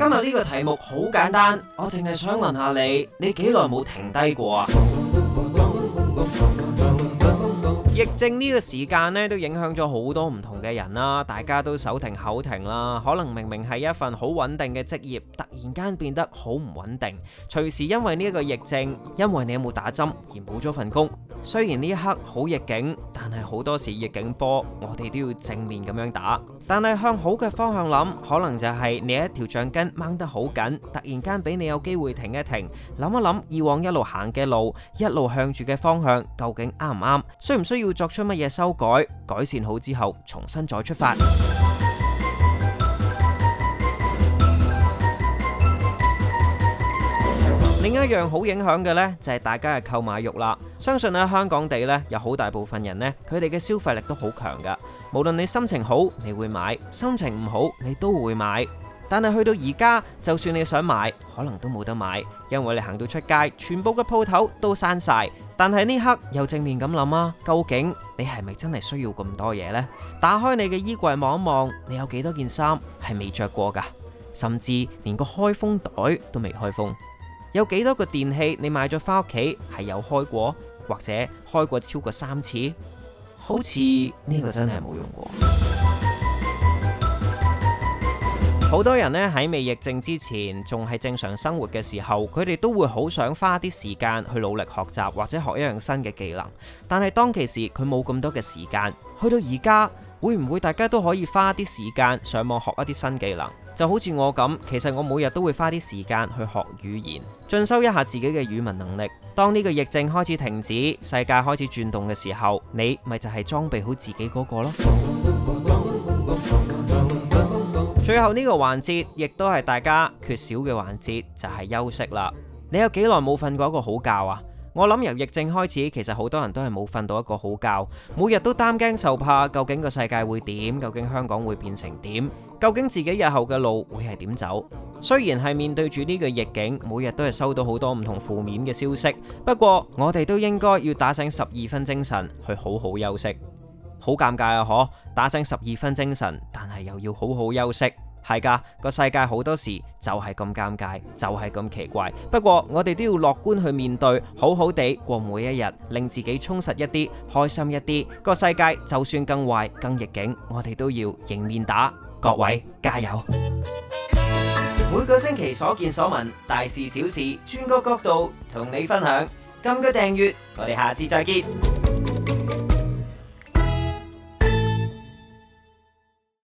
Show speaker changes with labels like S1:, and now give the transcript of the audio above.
S1: 今日呢個題目好簡單，我淨係想問下你，你幾耐冇停低過啊？ 疫症呢個時間呢，都影響咗好多唔同嘅人啦，大家都手停口停啦。可能明明係一份好穩定嘅職業，突然間變得好唔穩定，隨時因為呢個疫症，因為你有冇打針而冇咗份工。雖然呢一刻好逆境，但係好多時逆境波，我哋都要正面咁樣打。但係向好嘅方向諗，可能就係你一條橡筋掹得好緊，突然間俾你有機會停一停，諗一諗以往一路行嘅路，一路向住嘅方向究竟啱唔啱？需唔需要作出乜嘢修改？改善好之後，重新再出發。一樣好影響嘅呢，就係大家嘅購買慾啦。相信喺香港地呢，有好大部分人呢，佢哋嘅消費力都好強噶。無論你心情好，你會買；心情唔好，你都會買。但係去到而家，就算你想買，可能都冇得買，因為你行到出街，全部嘅鋪頭都閂晒。但係呢刻又正面咁諗啊，究竟你係咪真係需要咁多嘢呢？打開你嘅衣櫃望一望，你有幾多件衫係未着過噶？甚至連個開封袋都未開封。有幾多個電器你買咗返屋企，係有開過，或者開過超過三次？好似呢個真係冇用過。好多人呢，喺未疫症之前，仲係正常生活嘅時候，佢哋都會好想花啲時間去努力學習或者學一樣新嘅技能。但係當其時佢冇咁多嘅時間。去到而家，會唔會大家都可以花啲時間上網學一啲新技能？就好似我咁，其實我每日都會花啲時間去學語言，進修一下自己嘅語文能力。當呢個疫症開始停止，世界開始轉動嘅時候，你咪就係裝備好自己嗰個咯。 最後呢個環節，亦都係大家缺少嘅環節，就係休息啦。你有幾耐冇瞓過一個好覺啊？我諗由疫症開始，其實好多人都係冇瞓到一個好覺，每日都擔驚受怕，究竟個世界會點？究竟香港會變成點？究竟自己日後嘅路會係點走？雖然係面對住呢個逆境，每日都係收到好多唔同負面嘅消息，不過我哋都應該要打醒十二分精神去好好休息。好尷尬啊！嗬，打醒十二分精神，但係又要好好休息。係噶，個世界好多時就係咁尷尬，就係、是、咁奇怪。不過我哋都要樂觀去面對，好好地過每一日，令自己充實一啲，開心一啲。個世界就算更壞、更逆境，我哋都要迎面打。各位加油！每個星期所見所聞，大事小事，轉個角度同你分享。撳個訂閱，我哋下次再見。